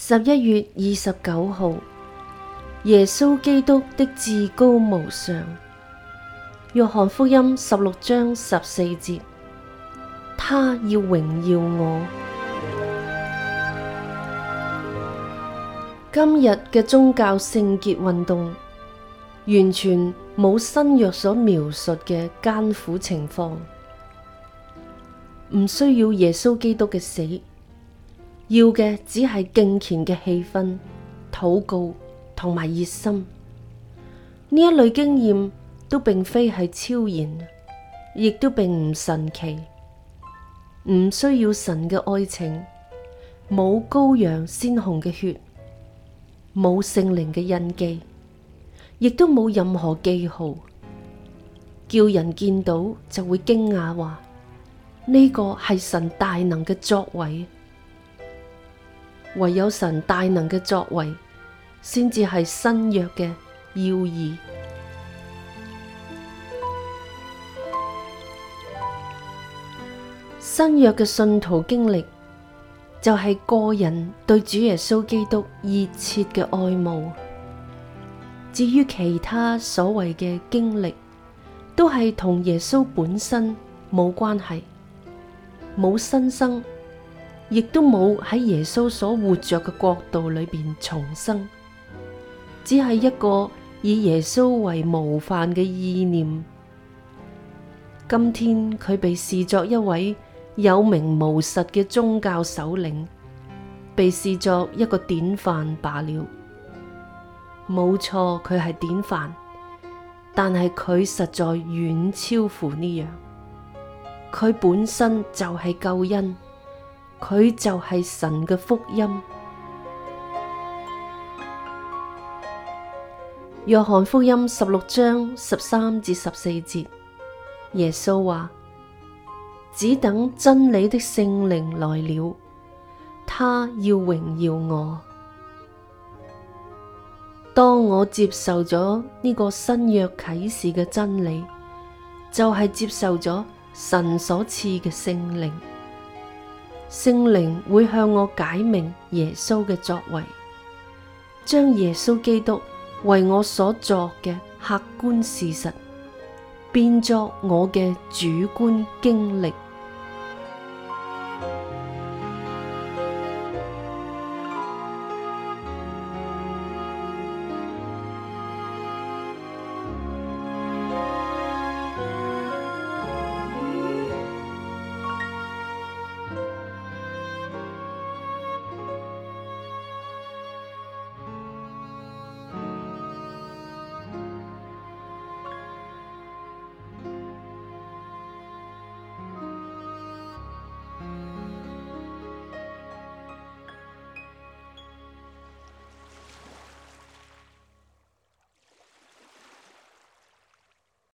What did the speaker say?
十一月二十九號，耶穌基督的至高無上。約翰福音十六章十四節，他要榮耀我。今日嘅宗教聖潔運動，完全冇新約所描述嘅艱苦情況，唔需要耶穌基督嘅死。要嘅只係敬虔嘅氣氛、禱告同埋熱心，呢一類經驗都並非係超然，亦都並唔神奇，唔需要神嘅愛情，冇羔羊鮮紅嘅血，冇聖靈嘅印記，亦都冇任何記號，叫人見到就會驚訝話呢個係神大能嘅作為。唯有神大能嘅作為，先至係新約嘅要義。新約嘅信徒經歷，就係、是、個人對主耶穌基督熱切嘅愛慕。至於其他所謂嘅經歷，都係同耶穌本身冇關係，冇新生。亦都冇喺耶穌所活着嘅國度裏邊重生，只係一個以耶穌為模範嘅意念。今天，佢被視作一位有名無實嘅宗教首領，被視作一個典範罷了。冇錯，佢係典範，但係佢實在遠超乎呢樣。佢本身就係救恩。佢就係神嘅福音。約翰福音十六章十三至十四節，耶穌話：只等真理的聖靈來了，他要榮耀我。當我接受咗呢個新約啟示嘅真理，就係、是、接受咗神所賜嘅聖靈。聖靈會向我解明耶穌嘅作為，將耶穌基督為我所作嘅客觀事實，變作我嘅主觀經歷。